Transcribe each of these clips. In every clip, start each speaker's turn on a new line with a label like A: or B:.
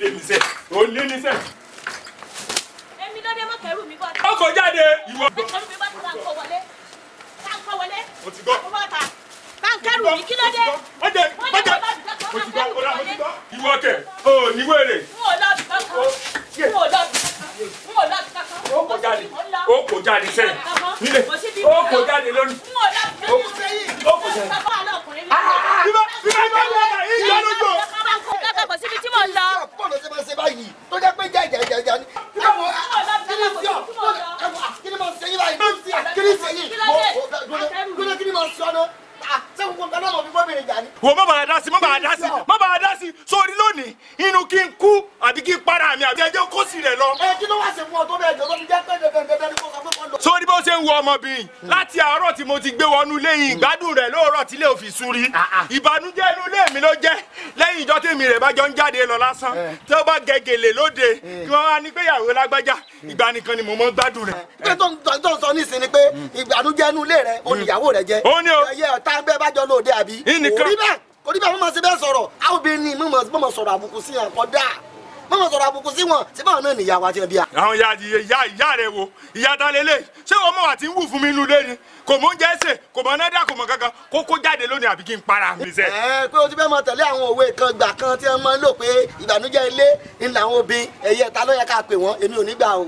A: lé mi sẹ́ ó lé mi sẹ́.
B: èmi ló dé mọ́ kẹrù mi
A: bọ́. ọkọ̀ jáde ìwọ. kẹrù mi
B: bá ti ra nǹkan wọlé ra nǹkan wọlé. mo ti gbọ́ mo ti gbọ́ bá ń
A: kẹrù mi kí ló dé. mo jẹ mo jẹ mo ti gbọ́ mo la mo ti gbọ́. ìwọ kẹ o ní wèrè. n ò lọ bìkan kan n ò lọ n ò lọ bìkan kan. ó kò jáde ó kò jáde sẹ́yìn nílé O kò jáde lónìí. n ò lọ bìkan kan
B: lọ
C: yìí tó jẹ́ pé jà jà jà jà ni. ẹwọ kiri sí ọ ẹwọ kiri
A: máa ṣe yín báyìí bàa dasi má bàa lónìí inú kí n kú àbí kí n para mi àbí ẹjẹ kó sì rẹ lọ. ẹ kí ló wá sí fún ọ tó bẹ jọ lọ́dún jẹ́ ń wo ọmọbìnrin láti àárọ̀ tí mo ti gbé wọnú lẹ́yìn ìgbádùn rẹ̀ lóòrọ̀ tí lè òfin sun rí ah, ah. ìbànújẹ́ inú ilé mi ló jẹ́ lẹ́yìn ìjọ tèmi rẹ̀ bá jọ ń jáde lọ lásán eh. tí ó bá gẹ̀gẹ̀lẹ̀ lóde eh. kí wọ́n wá ní pé ìyàwó lágbájá eh. ìgbà nìkan ni mo mọ́ gbádùn rẹ̀. pé tó ń sọ nísìnyí ni pé hmm. ìbànújẹ́ inú ilé rẹ̀ olùyàwó hmm. rẹ̀ jẹ́ ẹ̀yẹ tá a bẹ́ẹ̀ bá jọ lóde àbí orí bẹ́ẹ̀ orí bẹ́ẹ̀ mo máa ṣe bẹ́ẹ̀ sọ̀rọ̀ àwọn obìnrin mi mo máa sọ̀rọ̀ àbùkù sí àkọ́dá mọ̀mọ́ sọ̀rọ̀ àbùkù sí wọn síbẹ̀ wọn náà nìyá wa ti bí a. àwọn ìyá ìyá ìyá rẹ wo ìyá ta ṣé ọmọ wa ti ń wù fún mi inú ilé ni kò mọ oúnjẹ ṣe kò mọ nádà kò mọ kankan kó kó jáde lónìí àbí kí n para mi sẹ. ẹ pé o ti mọ tẹ̀lé àwọn òwe kan gbà kan tí wọ́n máa ń lò pé ìbànújẹ́ ilé
C: ń la àwọn obìnrin ẹ̀yẹ ta ló yẹ ká pè wọ́n èmi ò ní gbà o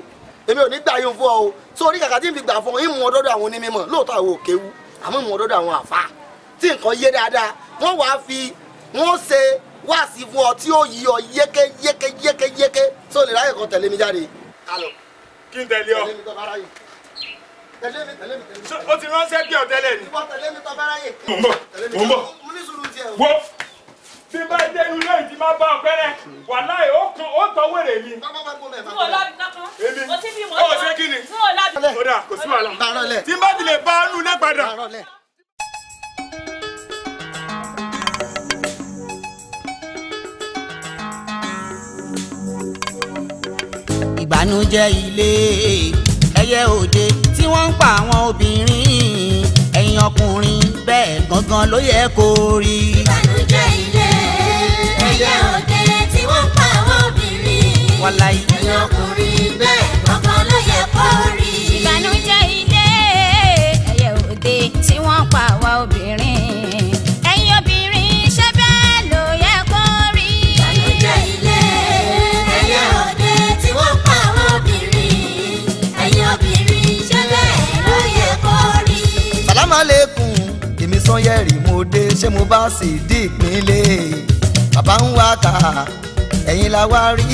C: èmi ò ní gbà yín fún ọ o sórí kàkà tí n fi gbà fún ọ ìmú ọdọdọ àwọn onímọ̀ lóòótọ́ àwọn òkèwu àmọ́ ìmú ọdọdọ àwọn àfa tí nǹkan yé dáadáa wọ́n wàá fi wọ́n ṣe wá sí fún ọ tí ó yí ọ yéké yéké
A: yéké yéké tí o lè ráyè kan tẹ̀lé mi jáde. alo kí n tẹ̀lé ọ. tẹ̀lé mi tẹ̀lé mi tẹ̀lé mi. o ti ránṣẹ́ bí ọ tẹ́lẹ̀ ni. ìwọ
C: tẹ̀lé mi tọ́ bá ráyè.
A: mo ń bọ̀ mo ń bọ̀. mo ní sùúrù tiẹ̀ o. wo bí bá dé inú ilé ìdí máa bá ọ pẹ́rẹ́ wàláhì ó kan ó tọ́ wèrè mi. n ò lábi kankan. èmi o ti bí mo tọ́ ọ ṣé kí ni. n ò lábi. kódà kò sí wàhálà. tí n bá ti lè bá a nù lẹ́ padà.
D: ìbànújẹ́ ilé ẹyẹ òde tí wọ́n ń pa àwọn obìnrin ẹ̀yin ọkùnrin bẹ́ẹ̀ gangan ló yẹ kó rí. ìbànújẹ́ ilé ẹyẹ òde tí wọ́n ń pa àwọn
E: obìnrin ẹ̀yin ọkùnrin bẹ́ẹ̀ gangan ló yẹ kó rí.
B: ìbànújẹ́ ilé ẹyẹ òde tí wọ́n ń pa àwa obìnrin.
C: pé mo bá sì dí ìpínlẹ̀ bàbá ń wá kà ẹ̀yin la wá rí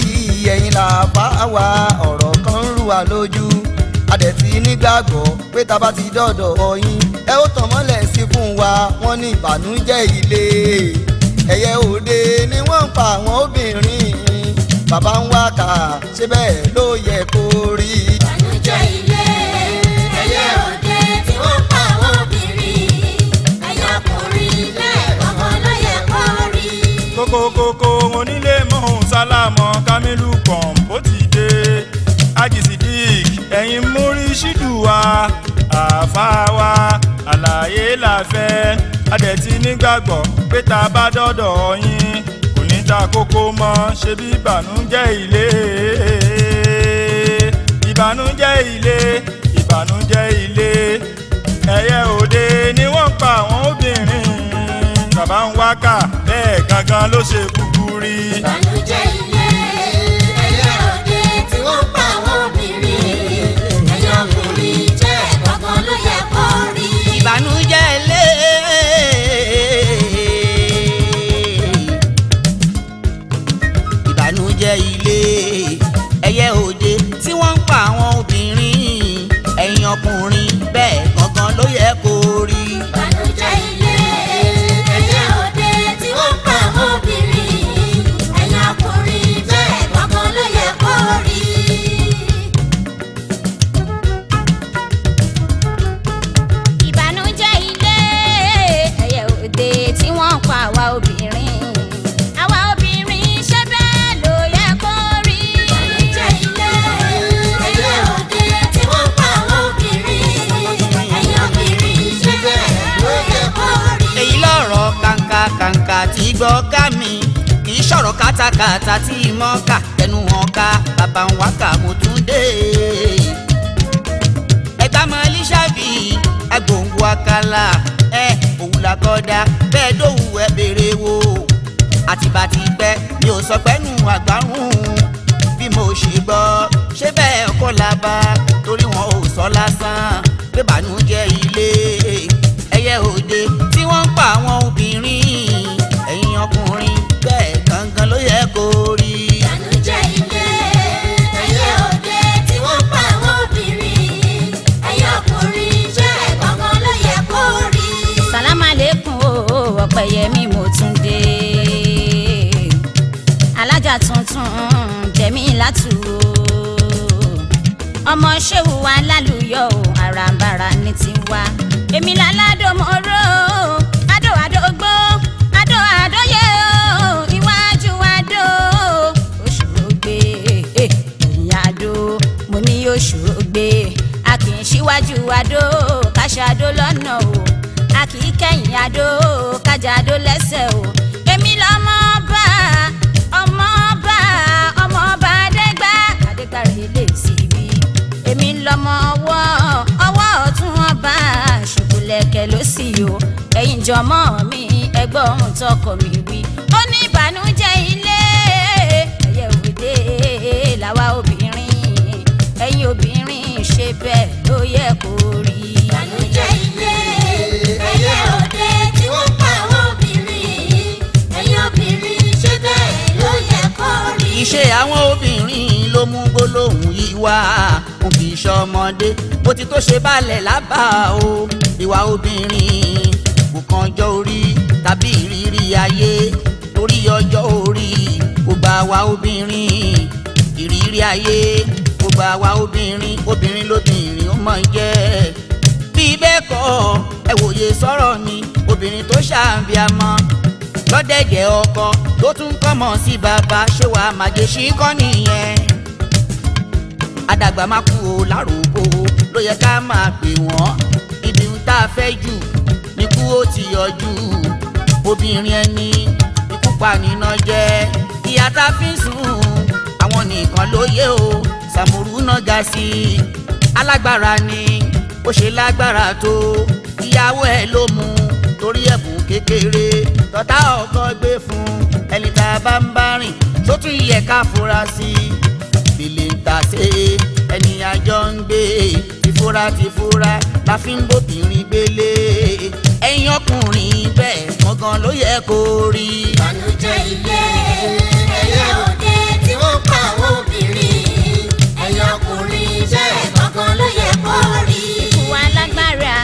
C: ẹ̀yin la bá wa ọ̀rọ̀ kan ń rú wa lójú adẹ̀tí nígbàgbọ́ pé ta bá ti dọ̀dọ̀ ọyìn ẹ ó tàn mọ́lẹ̀ sí fún wa wọ́n ní ìbànújẹ́ ilé ẹ̀yẹ òde ni wọ́n ń pa àwọn obìnrin bàbá ń wá kà ṣé bẹ́ẹ̀ ló yẹ kó rí. ìbànújẹ́ ilé
F: ẹ̀yẹ òde. kókókókó onílé mọ́hún sálámọ̀ kamilu kọ̀ǹbó ti dé ajisidik ẹ̀yin múrí ṣídùúwa àfáàwa àlàyé làfẹ́ adẹ̀tí nígbàgbọ́ pé tá a bá dọ́dọ̀ yín kò ní ta kókó mọ́ ṣe bí ìbànújẹ́ ilé ìbànújẹ́ ilé ìbànújẹ́ ilé ẹ̀yẹ òde ni wọ́n pa àwọn obìnrin bàbá ń wá gangan ló ṣe kúkú rí.
D: moca
B: jọmọ mi ẹgbọ́n tọkọ mi wí ó ní ìbànújẹ́ ilé ẹyẹ òde làwa obìnrin ẹ̀yin obìnrin ṣe bẹ́ẹ̀ ló
E: yẹ kó rí. ìbànújẹ́ ilé ẹyẹ òde tí wọ́n pa àwọn obìnrin ẹ̀yin obìnrin ṣe bẹ́ẹ̀ ló yẹ kó rí. ìṣe
D: àwọn obìnrin ló mú gbólóhùn yìí wá òkè ìṣọmọdé bó ti tó ṣe balẹ̀ lábàá o ìwà obìnrin àbùkàn ọjọ́ orí tàbí ìrírí ayé torí ọjọ́ orí kò bá wa obìnrin ìrírí ayé kò bá wa obìnrin obìnrin lóbìnrin ó mọ̀ ń jẹ́ bí bẹ́ẹ̀ kọ́ ẹ wòye sọ̀rọ̀ ni obìnrin tó ṣàǹbíàmọ́ lọ́dẹ̀dẹ̀ ọkọ tó tún kọ́mọ sí bàbá ṣé wàá màjèṣí kọ́ nìyẹn àdàgbà má kú o lárúgbó ló yẹ ká máa pè wọ́n ibi ń tá a fẹ́ jù ikú ó ti yọjú obìnrin ẹni ikú paniná jẹ ìyá tá fi sùn àwọn nìkan ló o Sàmúrù náà ga sí i alágbára ni ó ṣe lágbára tó ìyàwó ẹ ló mú torí ẹ̀bùn kékeré tọ́tá ọkọ gbé fún ẹni tá a bá ń bá rìn tó tún yẹ ká fura sí i bèlè ń ta ṣe ẹni àjọ ń gbé tìfura tìfura la fi ń bóbìnrin gbélé ẹ̀yin ọkùnrin bẹ́ẹ̀ gangan ló yẹ kó rí. ìbànújẹ́ ilé ẹyẹ òde tí
B: wọ́n pa àwọn obìnrin ẹ̀yin ọkùnrin bẹ́ẹ̀ gangan ló yẹ kó rí. ikú wa lágbára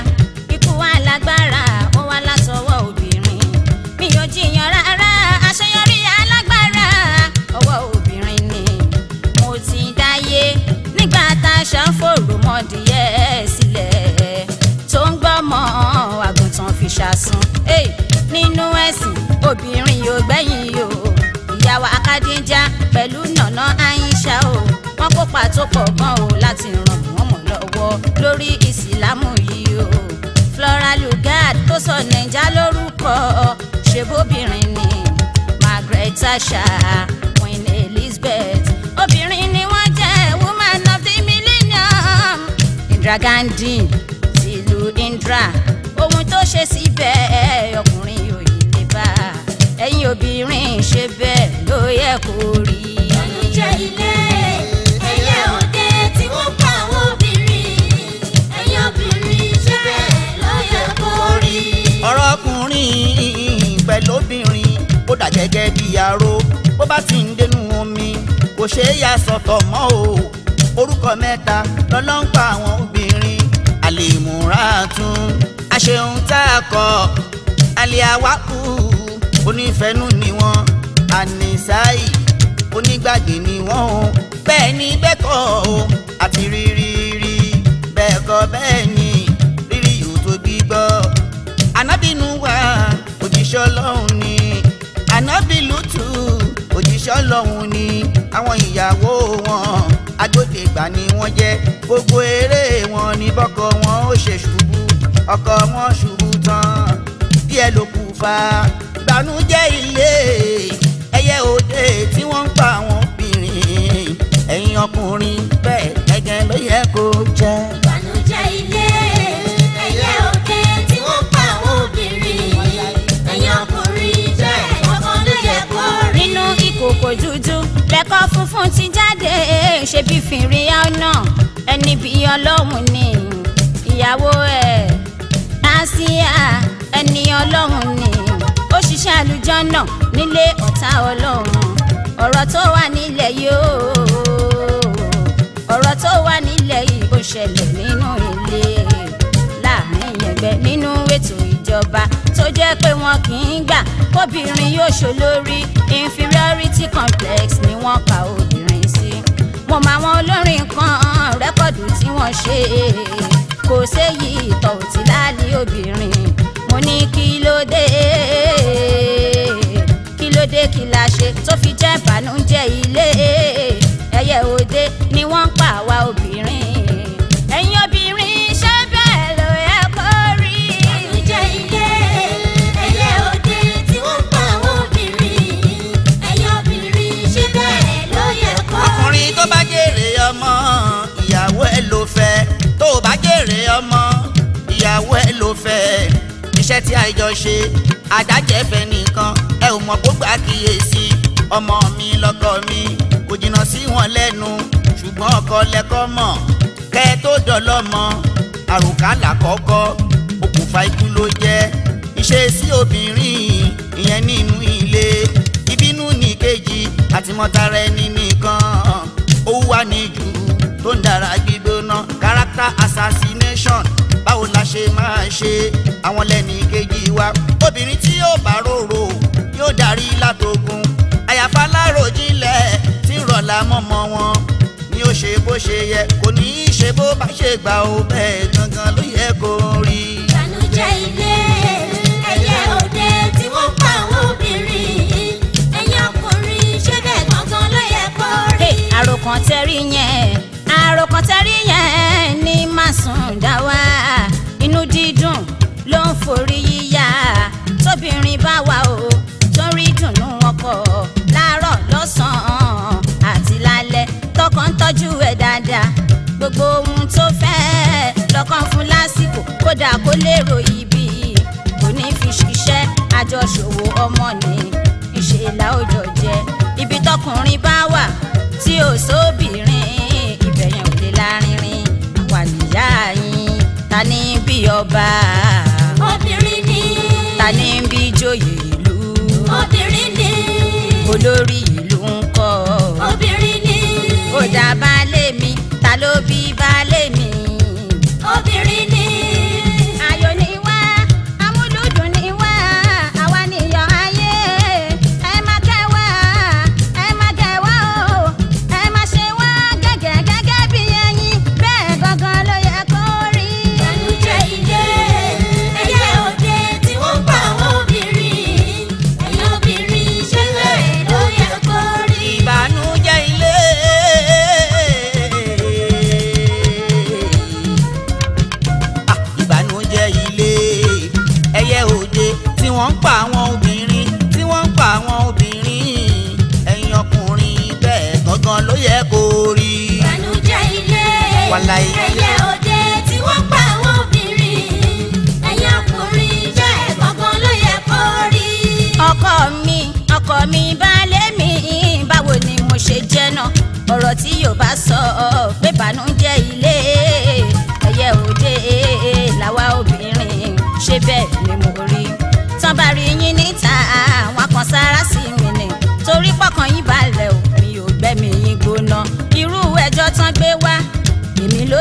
B: ikú wa lágbára ó wá látọwọ́ obìnrin mi ò jiyàn rárá àṣeyọrí alágbára ọwọ́ obìnrin ni mo ti dáyé nígbà tá a ṣàǹfòrò mọ́dìyẹ sílẹ̀ tó ń gbọ́mọ àgbà ṣàsun nínú ẹ̀sìn obìnrin yóò gbẹ̀yìn o ìyàwó akadéjà pẹ̀lú nànà àyíṣà o wọ́n kópa tó pọ̀ gan o láti ràn wọ́n mọ̀ lọ́wọ́ lórí ìsìlámù yìí o Flora Lugard tó sọ nàìjà lórúkọ ṣebóbìnrin ni Margaret Thatcher Queen Elizabeth obìnrin ni wọ́n jẹ́ woman of the millennium Indira Gandhi tìlú Indira ohun tó ṣe síbẹ̀ ọkùnrin ò yí lè bá ẹ̀yin obìnrin ṣe bẹ́ẹ̀ ló yẹ kó rí. oúnjẹ
E: ilé ẹyẹ òde tí wọ́n pa àwọn obìnrin ẹ̀yin obìnrin ṣe bẹ́ẹ̀ ló yẹ kó rí. ọ̀rọ̀ ọkùnrin
D: pẹ̀lú obìnrin ó dà gẹ́gẹ́ bí aró bó bá sì ń dénú omi kò ṣeé yà sọ̀tọ̀ mọ́ o orúkọ mẹ́ta lọ́lọ́ ń pa àwọn obìnrin àlè tún àṣehun tá a kọ aliawaku onífẹ̀ẹ́nù ni wọ́n anisai onígbàgbé ni wọ́n o bẹ́ẹ̀ ni bẹ́ẹ̀ kọ́ o àti rírí rí bẹ́ẹ̀ kọ́ bẹ́ẹ̀ ni rírí yóò tó gbígbọ́ anábìnú wa òjíṣẹ́ ọlọ́run ni anábìlútù òjíṣẹ́ ọlọ́run ni àwọn ìyàwó wọn agbódegbà ni wọ́n jẹ́ gbogbo eré wọn ni bọ́kọ wọn ó ṣe ṣù ọkọ wọn ṣubú tán díẹ̀ ló kù fa gbanújẹ́ ilé ẹyẹ òde tí wọ́n ń pa àwọn obìnrin ẹ̀yin ọkùnrin bẹ́ẹ̀ gẹ́gẹ́ ló yẹ kó jẹ́. gbanújẹ́
B: ilé. kòkò dúdú lẹ́kọ́ funfun ti jáde ṣe bí fìrí ọ̀nà ẹni bí ọlọ́run ni ìyàwó ẹ̀ àsíá ẹni ọlọ́run ni ó ṣiṣẹ́ àlùjọ́nà nílé ọ̀tá ọlọ́run ọ̀rọ̀ tó wà nílẹ̀ yóò ọ̀rọ̀ tó wà nílẹ̀ yìí ó ṣẹlẹ̀ nínú ilé láàrin ẹgbẹ́ nínú ètò ìjọba tó jẹ́ pé wọn kì í gbà kóbìnrin yóò ṣolórí inferiority complex ni wọ́n kà obìnrin sí mo mọ olórin kan rẹ́kọ̀dù tí wọ́n ṣe é. bànújẹ́ ilé ẹyẹ òde ni wọ́n pa àwa obìnrin ẹ̀yin obìnrin
E: ṣé bẹ́ẹ̀ ló yẹ kó rí. bànújẹ́ ilé ẹyẹ òde tí wọ́n pa àwa obìnrin ẹ̀yin obìnrin ṣé bẹ́ẹ̀ ló
D: yẹ kó rí. ọkùnrin tó bá jèrè ọmọ ìyàwó ẹ̀ ló iṣẹ́ tí àìjọ ṣe àdájẹ́fẹ́ nìkan ẹ ò mọ̀ kó gbà kíyèsí ọmọ mi lọ́kọ mi kò jìnnà sí wọn lẹ́nu ṣùgbọ́n ọkọ lẹ́kọ́ mọ̀ kẹ́ ẹ tó dọ̀lọ́mọ àrùkálà kọ́kọ́ okùnfà ikú ló jẹ́ ìṣe sí obìnrin ìyẹn nínú ilé ìbínú ní kejì àtìmọ́tara ẹni nìkan ó wà ní jù tó ń dára gbígbóná character assassination báwo la ṣe máa ṣe àwọn lẹ́ni kejì wa obìnrin tí yóò bá rorò yóò darí látòkè mọ́mọ́ wọn ni ó ṣe bó ṣe yẹ kò ní í ṣe bó bá ṣe gbà ó bẹ́ẹ̀
E: gangan ló yẹ kó rí. ìbànújẹ́ ilé ẹyẹ òde tí wọ́n pa àwọn obìnrin ẹ̀yìn ọkùnrin ṣé bẹ́ẹ̀ gangan ló yẹ kó
B: rí. àròkàn tẹ́rí yẹn àròkàn tẹ́rí yẹn ní Másùndá wá inú dídùn ló ń forí yíyá tóbìnrin bá wà ó. tọ́jú ẹ̀ dáadáa gbogbo ohun tó fẹ́ lọ́kàn fún lásìkò kódà kó lérò ibi kò ní fi ṣiṣẹ́ àjọṣòwò ọmọ ní ìṣèlà òjò jẹ ibi tọkùnrin bá wà tí ò sóbìnrin ìbẹ̀yẹn ò lè lárinrin àwa nìyá yín ta ní bí ọba obìnrin ni ta ní bí joyè ìlú obìnrin ni olórí ìlú. happy valley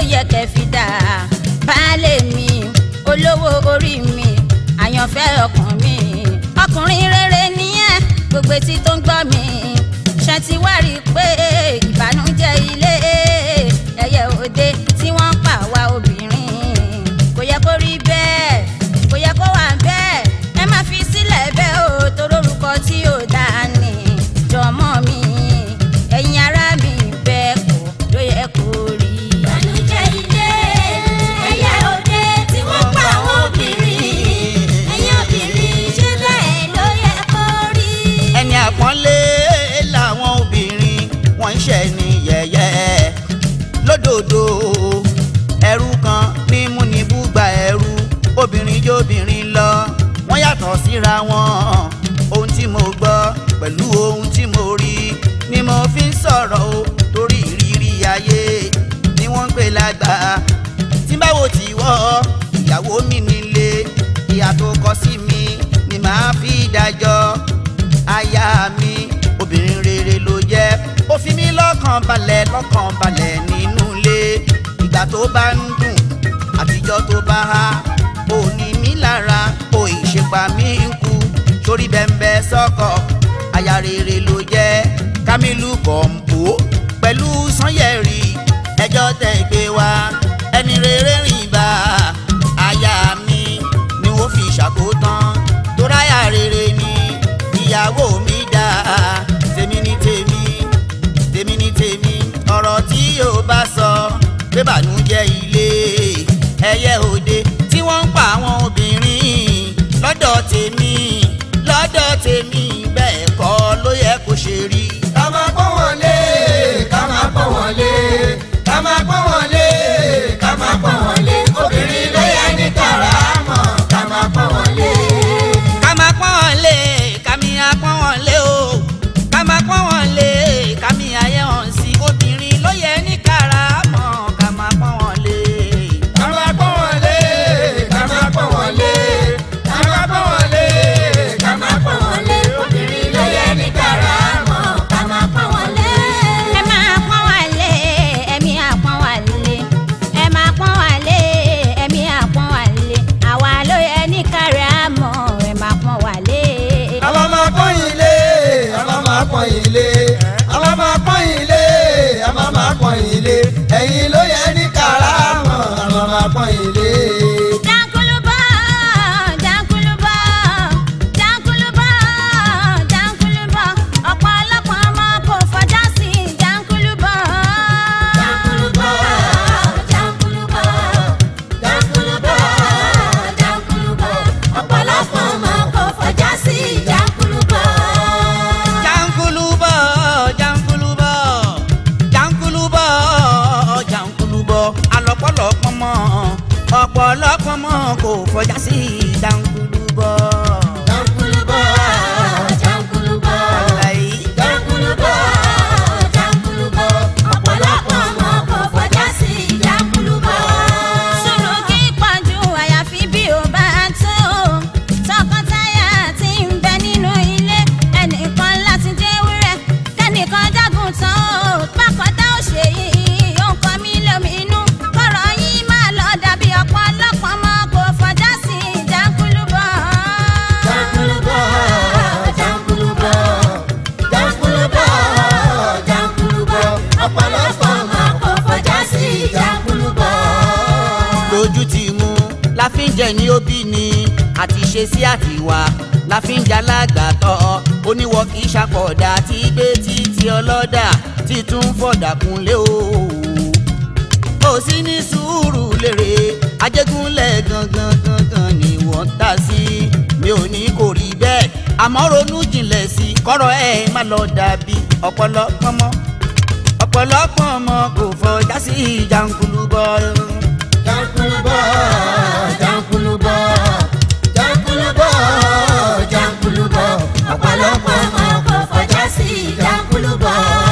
B: yẹ kẹ́ fi dà baálé mi olówó orí mi àyànfẹ́ ọkàn mi ọkùnrin rere nìyẹn gbogbo etí tó ń gbọ́ mi ṣe ti wá rí i pé ìbànújẹ́ ilé.
D: lọ́kàn balẹ̀ lọ́kàn balẹ̀ nínú ilé ìgbà tó bá ń dùn àtijọ́ tó bá há ò ní mí lára ò ìṣèpà mí ń kú sórí bẹ́ńbẹ́ sọ́kọ̀ aya rere ló jẹ́ Kamilu Kompo pẹ̀lú Sanyeri ẹjọ́ tẹ̀ gbé wá ẹni rere rìn bá aya mi ni wọ́n fi ṣàkótán tó ráyà rere ni ìyàwó mi. tó bá sọ pé bànújẹ́ ilé ẹyẹ òde tí wọ́n ń pa àwọn obìnrin lọ́dọ̀ tèmi
C: lọ́dọ̀ tèmi bẹ́ẹ̀ kọ́ ló yẹ kó ṣe rí. ká máa pọ́n wọn ká máa pọ́n wọn ká máa pọ́n wọn ká máa pọ́n wọn ilé àwọn máa pọ́n ilé àwọn máa pọ́n ilé ẹ̀yin ló yẹ ní kàrá àwọn àwọn máa pọ́n ilé.
D: ọ̀dà tí gbé títí ọlọ́dà títún fọ̀dà kúnlé o. kò sí ní sùúrù lèrè ajégúnlẹ̀ gangan gangan ni wọ́n tà sí mi ò ní kò rí bẹ́ẹ̀ àmọ́ ronú jinlẹ̀ sí i kọ́rọ̀ ẹ̀ má lọ dàbí ọ̀pọ̀lọpọ̀ mọ́ ọ̀pọ̀lọpọ̀ ọmọ kò fọjá sí ìjànkulúbọ. jànkulúbọ
E: jànkulúbọ jànkulúbọ jànkulúbọ ọ̀pọ̀lọpọ̀ ọmọ sí ìjákulùbọ̀.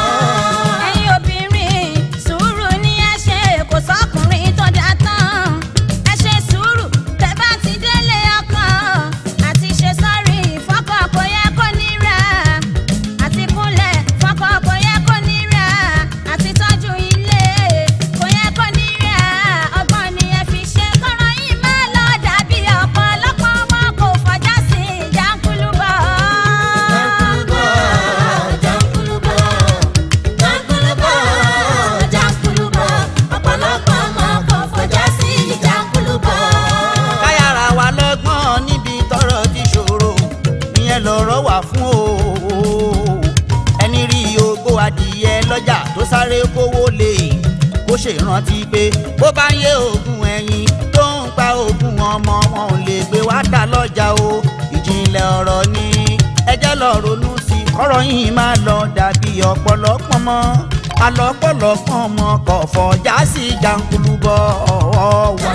D: ṣèrántí pé bó bá yé oògùn ẹyin tó ń pa oògùn ọmọ wọn ò lè gbé wá ta lọ́jà o ìjìnlẹ̀ ọ̀rọ̀ ni ẹ jẹ́ lọ ronú sí i kọ́rọ̀ yìí máa lọ dàbí ọ̀pọ̀lọpọ̀ mọ́ alọ́pọ̀lọpọ̀ mọ́ kọ̀ọ̀fọ̀ já sí bọ̀ ọ̀ọ́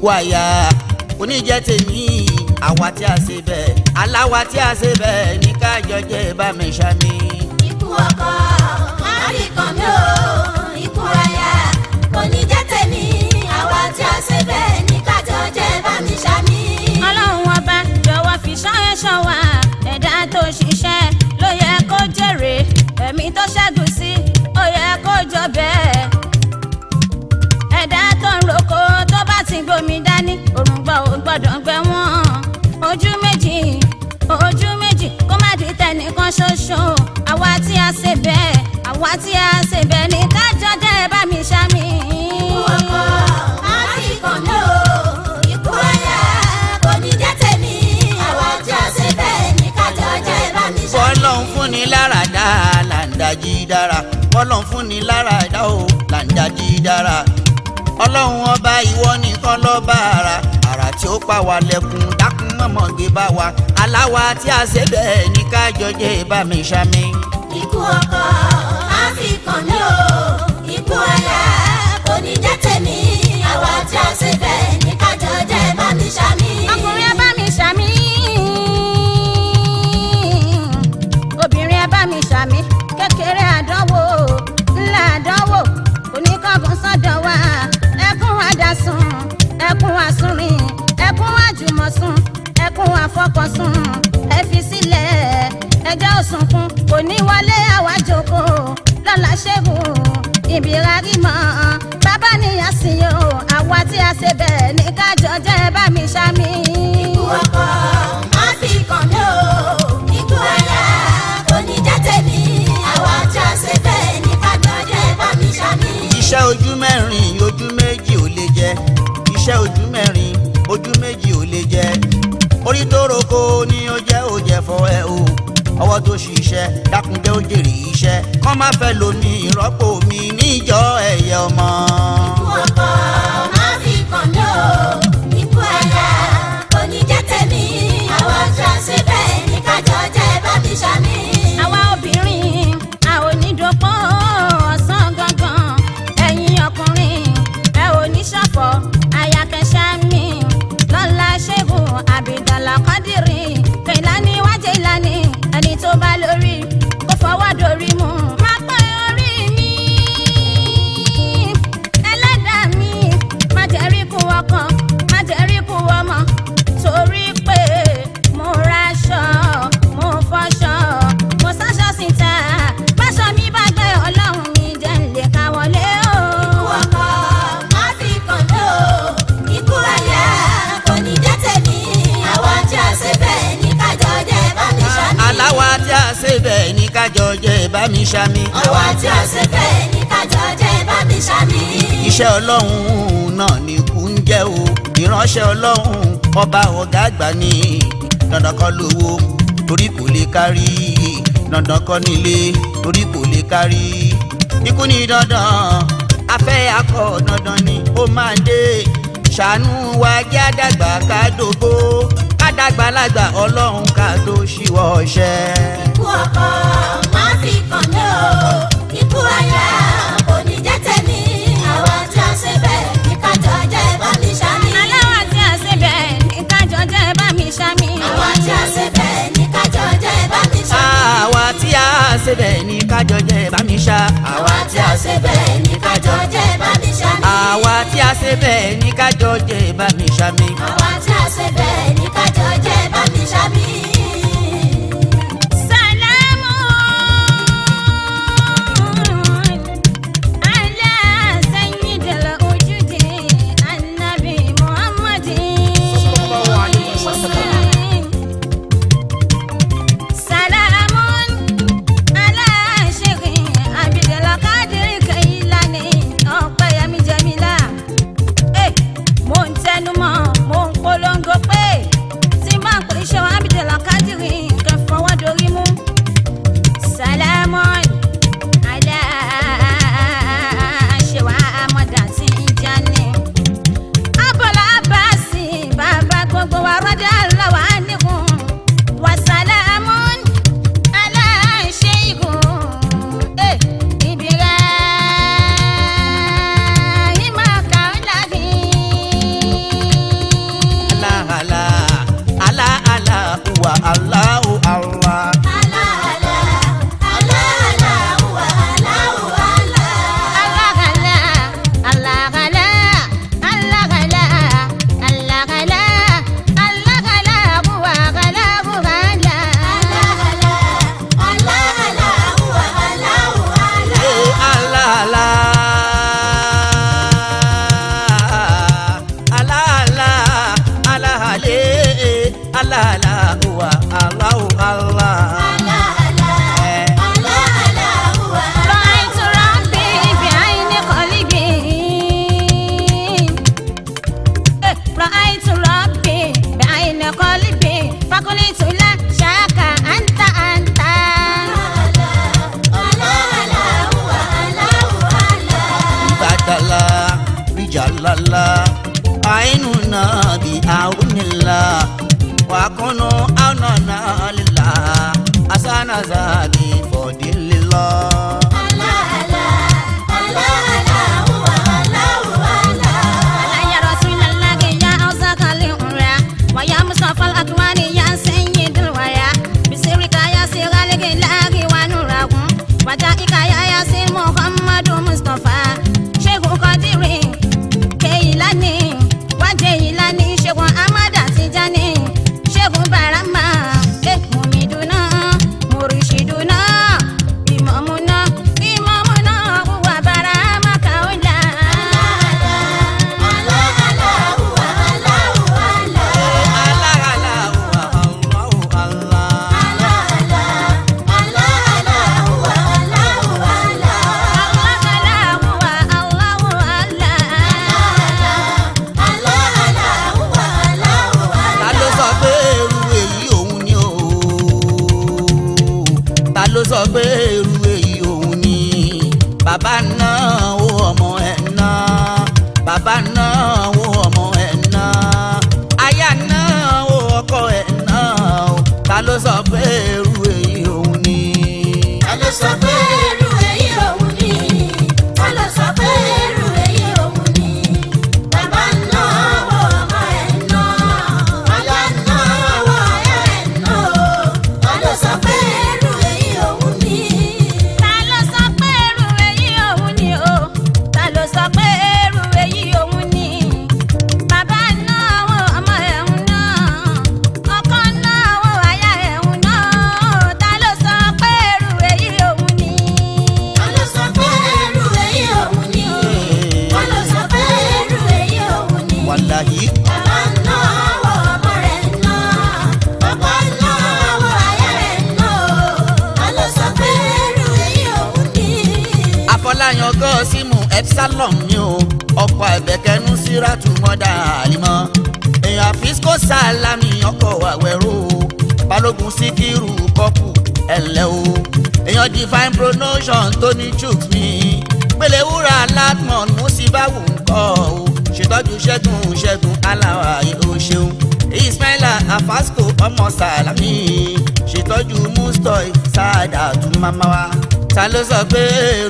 D: òkú àyà oníjẹ́ tèmi àwa tí a ṣe bẹ́ẹ̀ aláwa tí a ṣe bẹ́ẹ̀ ní káàjọ jẹ́ bá mi ṣami. ikú ọkọ
E: máa rí kan mi ò ikú àyà oníjẹ́ tèmi àwa tí a ṣe bẹ́ẹ̀ ní káàjọ jẹ́ bá mi ṣami.
B: ọlọ́run ọba jọ̀wọ́ fi ṣọ́ ẹ ṣọ́ wa ẹ̀dá tó ṣiṣẹ́ ló yẹ kó jèrè ẹ̀mí tó ṣẹ́gun sí ó yẹ kó jọ bẹ́ẹ̀. ti gbómi dání òrùngbọ ò gbọ́dọ̀ gbẹ wọn ojú méjì ojú méjì kó má di tẹnìkan ṣoṣo àwa tí a ṣe bẹ́ẹ̀ àwa tí a ṣe bẹ́ẹ̀ ni kájọ mi
E: ṣámi. ọkọ àti kọ̀ọ̀nù ikú jẹ́ tèmi àwa tí mi ṣámi. bọ́lọ̀ ń
D: fún ni lára dáa làǹdàjì dára bọ́lọ̀ ń fún ni dára ọlọ́run ọ ìwọ nìkan lọ́ba àrà àrà tí ó pa wá lẹ́kùn dákun mọ̀mọ́ gbé bá wa aláwa tí a ṣe bẹ́ẹ̀ ní ká jọjẹ́ bá mi ṣámi.
E: ikú ọkọ àfikàn ni o.
B: àfọkànsùn ẹkún àfọkànsùn ẹ fi sílẹ̀ ẹjọ́ òsùnkún kò ní wálé àwa jókòó lọ́la ṣẹ́gun ìbíra rí mọ́ bàbá níyà sí yó àwa tí a ṣe bẹ́ẹ̀ ní kájọ jẹ́ bá mi ṣámi.
E: ikú ọkọ má fi kàn mí o ikú aya kò ní àwa tí a ṣe bẹ́ẹ̀ ní kájọ jẹ́ bá mi ṣámi. iṣẹ́
D: ojú mẹ́rin ojú méjì ò lè jẹ iṣẹ́ ojú. ṣiṣẹ́ dákúndé ó jèrè iṣẹ́ kọ́ má fẹ́ lóní ìrọ́pò mi níjọ́ ẹ̀yẹ ọmọ. ṣe bẹ́ẹ̀ ni kájọ jẹ́ bá mi ṣami. ọwọ́ tí ó ṣe bẹ́ẹ̀ ni kájọ jẹ́ bá mi ṣami. iṣẹ́ ọlọ́run náà ni kú ń jẹ́ o ìránṣẹ́ ọlọ́run ọba ọ̀gá àgbà ni dandan lówó torí kò lè kárí dandan nílé torí kò lè kárí ikú ni dandan afẹ́ akọ dandan ni ó máa dé ṣàánú wa jẹ́ àdàgbà ká dàgbàlagbà ọlọ́run ká tó ṣíwọ́ ọṣẹ. ikú ọkọ
E: má fi kàn mí o ikú aya kò ní jẹ́ tẹ̀mí àwa tí a ṣe bẹ́ẹ̀ ní kájọ jẹ́ bá mi ṣámi. aláwa
B: tí a ṣe bẹ́ẹ̀ ní kájọ jẹ́ bá mi ṣámi. àwa tí a ṣe bẹ́ẹ̀ ní kájọ jẹ́ bá mi ṣámi. àwa
D: tí a ṣe bẹ́ẹ̀ ní kájọ jẹ́ bá mi ṣá. àwa tí a ṣe bẹ́ẹ̀ ní kájọ jẹ́ bá mi ṣámi. àwa tí a ṣe bẹ́ẹ̀ ní kájọ jẹ́ bá mi ṣámi.
E: àwa tí a ṣe bẹ́ẹ̀ ní kájọ Sabi.
D: graças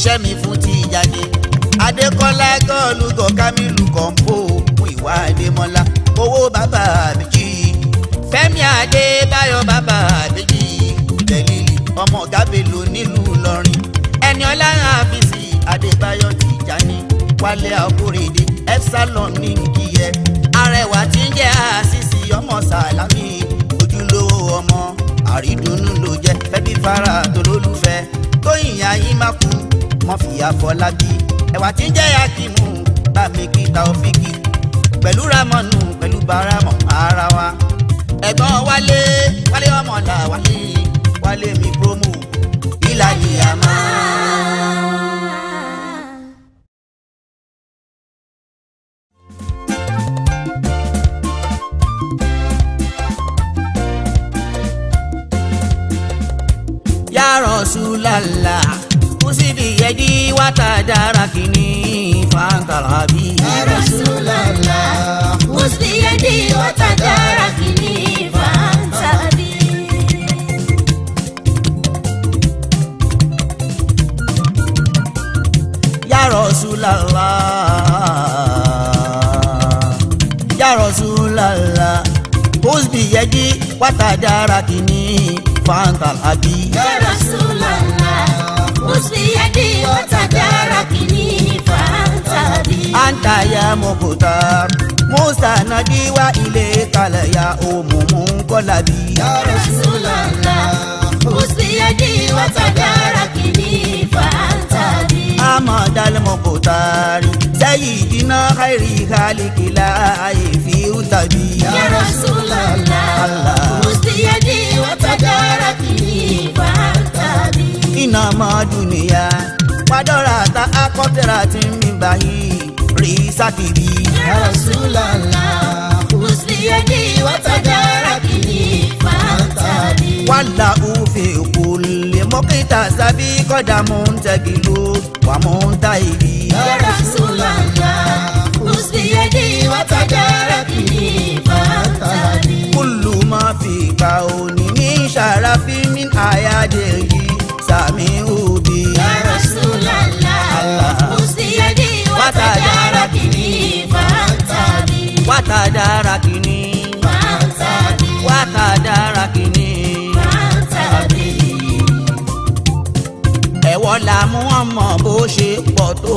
D: iṣẹ́ mi fún ti ìjáde adékọ́lá gọ́ọ̀lù gọ̀kámílù kọ̀ǹpó fún ìwà adémọ́lá owó bàbá àbíjì fẹ́mi adébáyọ̀ bàbá àbíjì tẹ̀lílì e, ọmọ gábèlò nílùú lọ́rin ẹni ọláhàn àfìsì adébáyọ̀ tìjání wálé àkórèdè epsilon ní nkìyẹ arẹwà tí ń jẹ àṣìṣì ọmọ sàlámì ojúlówó ọmọ àrídùnnú ló jẹ fẹbí fara tó lólùfẹ́ tóyìn ayímákù mọ́fì àfọlábí ẹ̀wà tí ń jẹ́ akímù bá mi kí Taofiki pẹ̀lú ramọ́nù pẹ̀lú baramọ̀ ara wa. ẹ̀gbọ́n wálé wálé ọmọ là wálé wálé mi promo
E: ìlànà àmà.
D: Ya yadi wata darakini
E: fanta rabi. ya rasulallah musli yadi wata darakini fanta rabi.
D: ya rasulallah ya rasulallah musli yadi wata darakini fanta rabi. ya
E: rasulallah. بيدي وتدارك
D: أنت يا مختار مستندي وإليك يا أم منقلبي يا رسول
E: الله خذ بيدي وتداركني فأنت
D: بي أمد المختار سيدنا خير خالق لا في تبي يا رسول الله خذ بيدي وتداركني فأنت ina ma duniya padora ta akọtẹra ti ń mi báyìí rí sákìrì. ya Rasulallah usliyadi watajarakini fàtàbí. wàlà òfin kò lè mọ́kítà sábì kọ́dà mò ń tẹ̀gì ló wà mò ń ta ìrì. ya Rasulallah usliyadi watajarakini fàtàbí. kúlù máa fi ìgbà òní ní sàràfin ní àyájẹ́ yìí mi ubi. Ya Rasulallah, Mustiyadi watadara kini fantabi. Watadara kini. Fantabi. Watadara kini. Fantabi. Ẹ̀wọ̀ la mú ọmọ bó ṣe pọ̀ tó.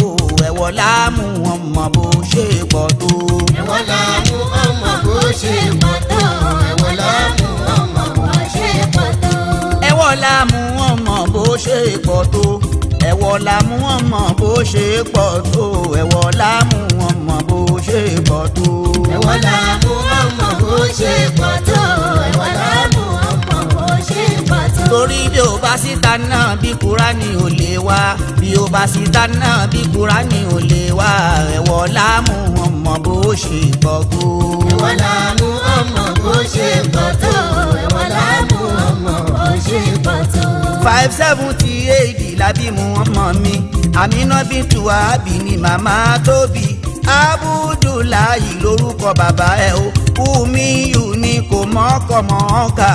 D: Ẹ̀wọ̀ la mú ọmọ bó ṣe pọ̀ tó. Ẹ̀wọ̀ la mú ọmọ bó ṣe pọ̀ tó. Ẹ̀wọ̀ la mú ọmọ bó ṣe pọ̀ tó ẹ̀wọ́ la mú wọn mọ̀ bó ṣe pọ̀ tó ẹ̀wọ́ la mú wọn mọ̀ bó ṣe pọ̀ tó ẹ̀wọ́ la mú wọn mọ̀ bó ṣe pọ̀ tó. ẹ̀wọ́ la mú wọn mọ̀ bó ṣe pọ̀ tó ẹ̀wọ́ la mú torí bí o bá síta náà bí Kúránì ò lè wá bí o bá síta náà bí Kúránì ò lè wá ẹ̀wọ̀ láàmú ọmọ bó ṣe pọ̀ ẹ̀wọ̀ láàmú ọmọ bó ṣe pọ̀ ẹ̀wọ̀ láàmú ọmọ bó ṣe pọ̀ five seventy eight làbí mu ọmọ mi Àmínà bíntu Wàhábì ni màmá tóbi Abudulayi lórúkọ bàbá ẹ o Wùmíyù ni kò mọ́kọ̀mọ́ka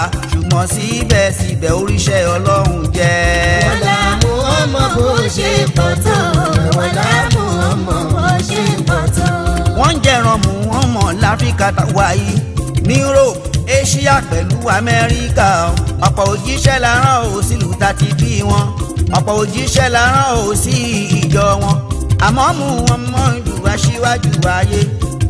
D: ṣùgbọ́n síbẹ̀síbẹ̀ oríṣẹ́ ọlọ́run jẹ́. wọ́n là mú ọmọ bó ṣe pọ̀ tó wọ́n là mú ọmọ bó ṣe pọ̀ tó. wọ́n ń jẹran mú ọmọ láfíríkà tàwa yìí ní Europe Asia pẹ̀lú Amẹ́ríkà ọ̀pọ̀ òjíṣẹ́ la rán ò sílùú ta ti bí wọn ọ̀pọ̀ òjíṣẹ́ la rán ò sí ìjọ wọn àmọ́ mú wọn mọ́ ìlú aṣíwájú ayé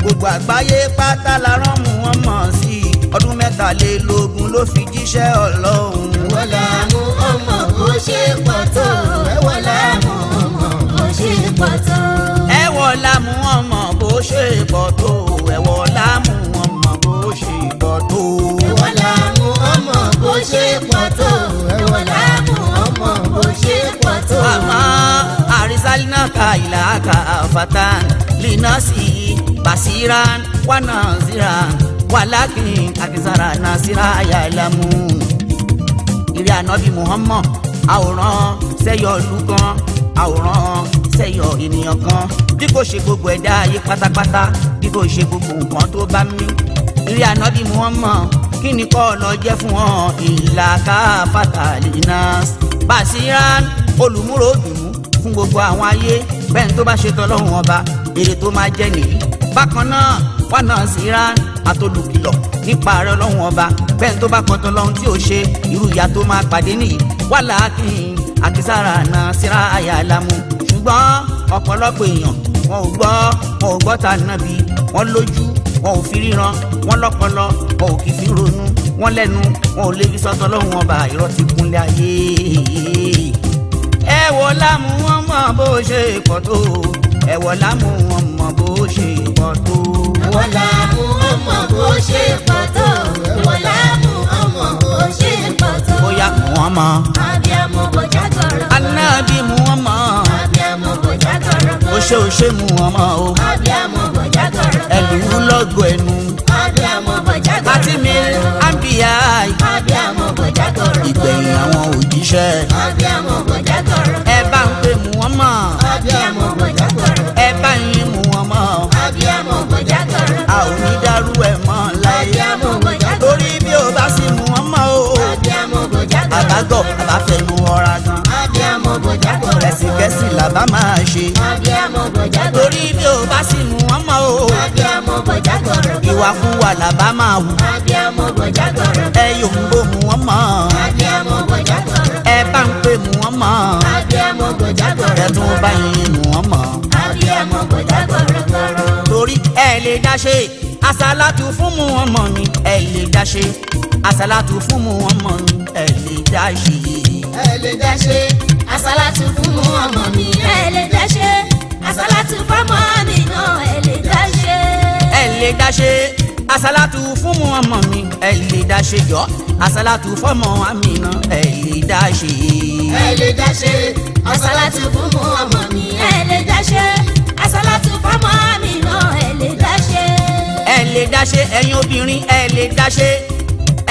D: gbogbo àgbáyé pátá la rán mú wọn mọ̀ sí i ọdún mẹ́tàlélógún ló fi jíṣẹ́ ọlọ́run. wọ́n là mú ọmọ bó ṣe pọ̀ tó wọ́n là mú ọmọ bó ṣe pọ̀ tó. ẹ là mú ọmọ bó ṣe pọ̀ tó ẹ là mú ọmọ bó ṣe pọ̀ tó. ẹ là mú ọmọ bó ṣe pọ̀ tó ẹ là mú ọmọ bó ṣe pọ̀ tó. àmọ́ àrísálínà ka ìlà ka fatan linasi basiran wanaziran walakin akisara nasira ayalamu ìrì ànábì muhammad àwòrán sẹ́yọ̀ olùkan àwòrán sẹ́yọ̀ ènìyàn kan bí kò ṣe gbogbo ẹ̀dá ayé pátápátá bí kò ṣe gbogbo nǹkan tó bá mí ìrì ànábì muhammad kí ni kọ́ ọ̀nà jẹ́ fún ọ ìlà káfàtà linas basiran olùmúrò dùnú fún gbogbo àwọn ayé bẹ́ẹ̀ ni tó bá ṣe tọ́lọ́hún ọba èrè tó máa jẹ́ nìyí bákan náà fanasira atolùkìlọ̀ nípa ààrẹ ọlọ́run ọba bẹ́ẹ̀ tó bá pọ̀ntàn lọ́hún tí ò ṣe irú ìyá tó máa pàdé nìyí wàhálà kìín àkísára náà síra àyà lámú ṣùgbọ́n ọ̀pọ̀lọpọ̀ èèyàn wọn ò gbọ́ wọn ò gbọ́ ta nàbí wọn lójú wọn ò fi ríran wọn lọ́pọlọ wọn ò kì í fi ronú wọn lẹ́nu wọn ò lè fi sọ́tọ̀ lọ́hùn ọba irọ́ ti kúnlẹ̀ ayé. ẹ wọ lámú wọn mọ bó ṣe pọ̀ tó ẹ wọ lámú wọn mọ̀ bó ṣe pọ̀ tó. àwọn làmú ọmọ bó ṣe pọ̀ tó. àwọn làmú ọmọ bó ṣe pọ̀ tó. bóyá kò wọ́n mọ. abiyamọ kò já tọrọ. anábì mú wọn mọ. abiyamọ kò já tọrọ. oṣé oṣé mú wọn mọ o. abiyamọ kò já tọrọ. ẹlú lọgọ ẹnu. abiyamọ kò já tọrọ. àti mi àbíyá. abiyamọ kò já tọrọ. ìgbẹ̀yìn àwọn òjíṣẹ́. gbọ́ àbá fẹnu ọ̀ra gan. abiyamọ bòjá kò rọ̀. kẹsìkẹsì làbá máa ṣe. abiyamọ bòjá kò rọ̀. torí bí o bá sì mú ọmọ o. abiyamọ bòjá kò rọ̀. ìwàkuwà làbá máa wù. abiyamọ bòjá kò rọ̀. ẹ yóò ń bò mú ọmọ. abiyamọ bòjá kò rọ̀. ẹ bá ń pè mú ọmọ. abiyamọ bòjá kò rọ̀. ẹ tún bá yín mú ọmọ. abiyamọ bòjá kò rọ̀ ẹ lè dá ṣe àsálàtù fún mu ọmọ mi ẹ lè dá ṣe àsálàtù fún mu ọmọ mi ẹ lè dá ṣe. ẹ lè dá ṣe àsálàtù fún mu ọmọ mi ẹ lè dá ṣe àsálàtù
E: fọmọ mi náà ẹ
D: lè dá ṣe. ẹ lè dá ṣe fún mu ọmọ mi ẹ lè dá ṣe jọ fọmọ mi náà ẹ lè dá ẹ lè dá ṣe fún mu ọmọ mi ẹ lè dá lè dáṣe ẹ̀yin obìnrin ẹ lè dáṣe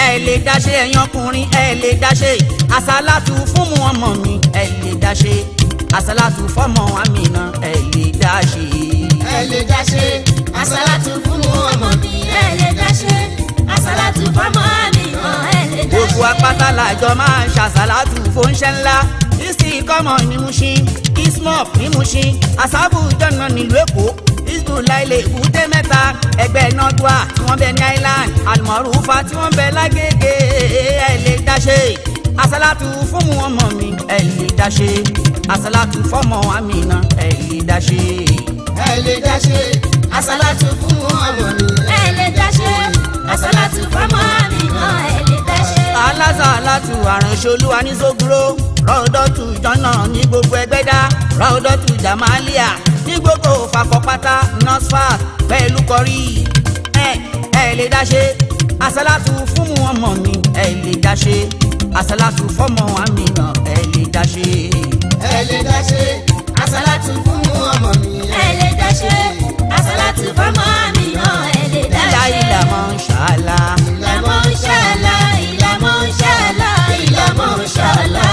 D: ẹ lè dáṣe ẹ̀yin ọkùnrin ẹ lè dáṣe àsálàtù fún mu ọmọ mi ẹ lè dáṣe àsálàtù fọmọ àmìnà ẹ lè dáṣe. ẹ lè dáṣe àsálàtù fún mu ọmọ mi ẹ lè dáṣe àsálàtù fọmọ gbogbo apáta làjọ máa ń ṣàṣàlátù fóúnṣẹ́ ńlá isi kọ́mọ ní Mushin ismop ní Mushin asabu jọ̀nà nílùú èkó isbulaile èbúté mẹ́ta ẹgbẹ́ nọ́dúà tí wọ́n bẹ ní island almọ̀rúfa tí wọ́n bẹ lágége ẹ dáṣe asalatu fún ọmọ mi ẹ dáṣe asalatu fọmọ amina ẹ lè dáṣe. ẹ lè dáṣe asalatu fún ọmọ mi ẹ dáṣe asalatu
E: fọmọ amina ẹ
D: aláṣà láti àrùnṣolú anísógúró rọ́ọ̀dọ́tù jọ́nà ní gbogbo ẹgbẹ́dá rọ́ọ̀dọ́tù jamalia ní gbogbo fàkọ́pátá nọ́sfàt pẹ̀lú kọrí ẹ ẹ lè dá ṣe àṣàlátù fún ọmọ mi ẹ lè dá ṣe àṣàlátù fọmọ àmì náà
E: ẹ lè dá ṣe. ẹ lè dá ṣe àṣàlátù fún ọmọ mi ẹ lè dá ṣe fọmọ àmì náà ẹ lè dá ṣe. ìlà ìlà mọ́ ṣáàlà. ìlà mọ́ ṣáàlà mọ́ ṣàlá ìyá mọ́ ṣàlá.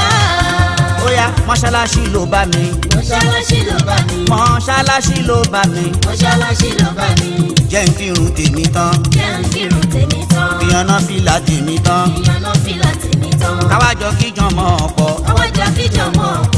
D: ó yá mọ́ṣáláṣí ló bá mi.
E: mọ́ṣáláṣí ló bá mi. mọ́ṣáláṣí
D: ló bá mi. mọ́ṣáláṣí ló bá mi. jẹ́ n kírun tèmi tán. jẹ́ n kírun tèmi tán. ìyànà fìlà tèmi tán.
E: ìyànà fìlà tèmi tán.
D: káwájọ kíjọ mọ́ ọ̀pọ̀. káwájọ kíjọ mọ́ ọ̀pọ̀.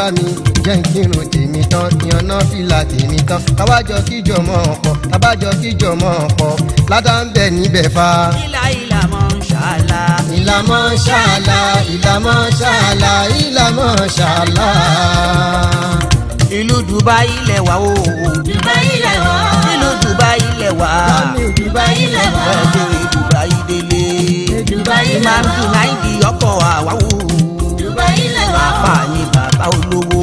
C: bá mi jẹ́ ìkírun tèmi tán yànnà fìlà tèmi tán tábàjọ kíjọ mọ́ ọ̀pọ̀ tábàjọ kíjọ mọ́ ọ̀pọ̀ ládà ń bẹ̀ níbẹ̀ fa.
E: ìlà ìlà mọ̀ ń ṣàlà. ìlà mọ̀ ń ṣàlà ìlà mọ̀ ń ṣàlà ìlà mọ̀ ń ṣàlà.
D: ìlú Dubai ilẹ̀ wa o. Dubai ilẹ̀ wa. ìlú Dubai ilẹ̀ wa. Dubai ilẹ̀ wa. ẹ̀jẹ̀ Dubai délé. Dubai ilẹ̀ wa. ìmàmù náírà ọkọ̀ àwáwò. Dubai ilẹ̀ wa. fàyè bàbá olówó.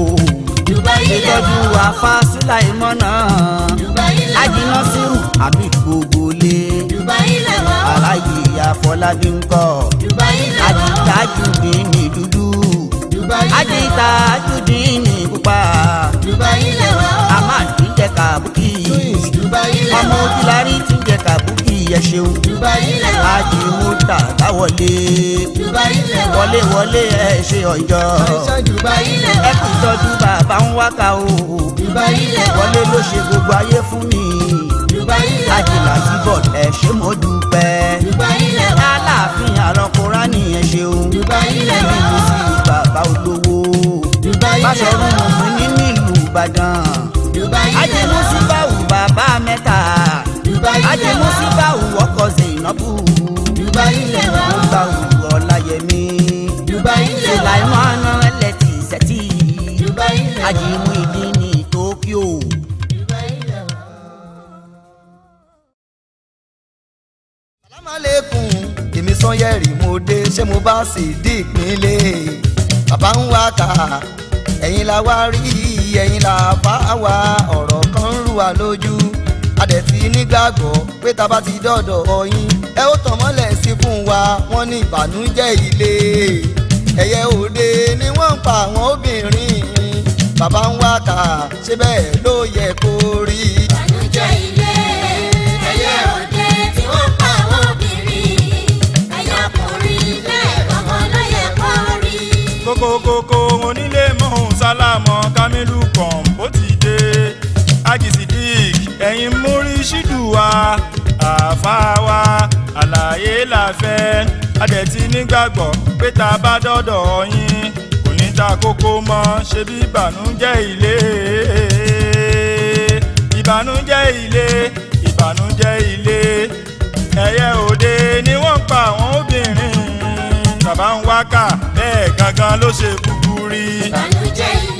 D: ìtọ́jú àfa sílà ìmọ̀nà. àjìnà sírù àbí gbogbo lé. aláyè àfọlábí ń kọ́. àjìtà jùdí ní dúdú. àjìtà jùdí ní pupa. àmàlí jẹ kàbùkì. ọmọ ojúlárí ti jẹ kàbùkì ẹ ṣeun. Dubai lè wá. Ajì múta táwọlé. Dubai lè wá. Wọlé wọlé ẹ ṣe ọjọ́. Àìsàn Dubai lè wá. Ẹ tọ́jú bàbá ń wákà o. Dubai lè wá. Wọlé ló ṣe gbogbo ayé fún mi. Dubai lè wá. Àjìlá síbọ̀ ẹ ṣe mo dúpẹ́. Dubai lè wá. Aláàfin àrọ̀kúnrá ni ẹ ṣeun. Dubai lè wá. Ìlú sí bàbá olówó. Dubai lè wá. Báṣọ̀rù mùsùlùmí ilé wa o. Músíbà wù ọkọ̀ Zainabu. Dubai ilé wa o. Músíbà wù Ọláyẹmí.
E: Dubai ilé wa o. Sulaimana
D: ẹlẹ́tì sẹ́tì. Dubai ilé wa o. Ajimu
C: ìdí ní Tókíò. Dubai ilé wa o. Salamu alaikum, èmi Sanyẹ̀rì mo dé, ṣé mo bá sì dí ìpínlẹ̀? Bàbá ń wá kà á ẹ̀yin la wá rí ẹ̀yin la bá wa ọ̀rọ̀ kan rú wa lójú dẹ̀ ti nígbàgbọ́ pé ta bá ti dọ̀dọ̀ ọyìn ẹ ó tàn mọ́lẹ̀ sí fún wa wọ́n ní ìbànújẹ́ ilé ẹ̀yẹ òde ni wọ́n ń pa àwọn obìnrin bàbá ń wá kà ṣe bẹ́ẹ̀ ló yẹ kó rí. ìbànújẹ́ ilé ẹ̀yẹ
F: òde tí wọ́n pa àwọn obìnrin ẹ̀yà kò rí bẹ́ẹ̀ kọ́kọ́ ló yẹ kó rí. kókó kókó onílé mọ̀ọ́n sálámọ̀ kámẹ́lú kan bó ti. olúwa àfa wa àlàyé la fẹ́ adẹ̀tí nígbàgbọ́ pé tá a bá dọ́dọ̀ yín kò ní ta kókó mọ́ ṣe bí ìbànújẹ́ ilé ìbànújẹ́ ilé ìbànújẹ́ ilé ẹ̀yẹ òde ni wọ́n ń pa àwọn obìnrin tàbá ń wákà bẹ́ẹ̀ gangan ló ṣe kúkú rí. ìbànújẹ́ ilé.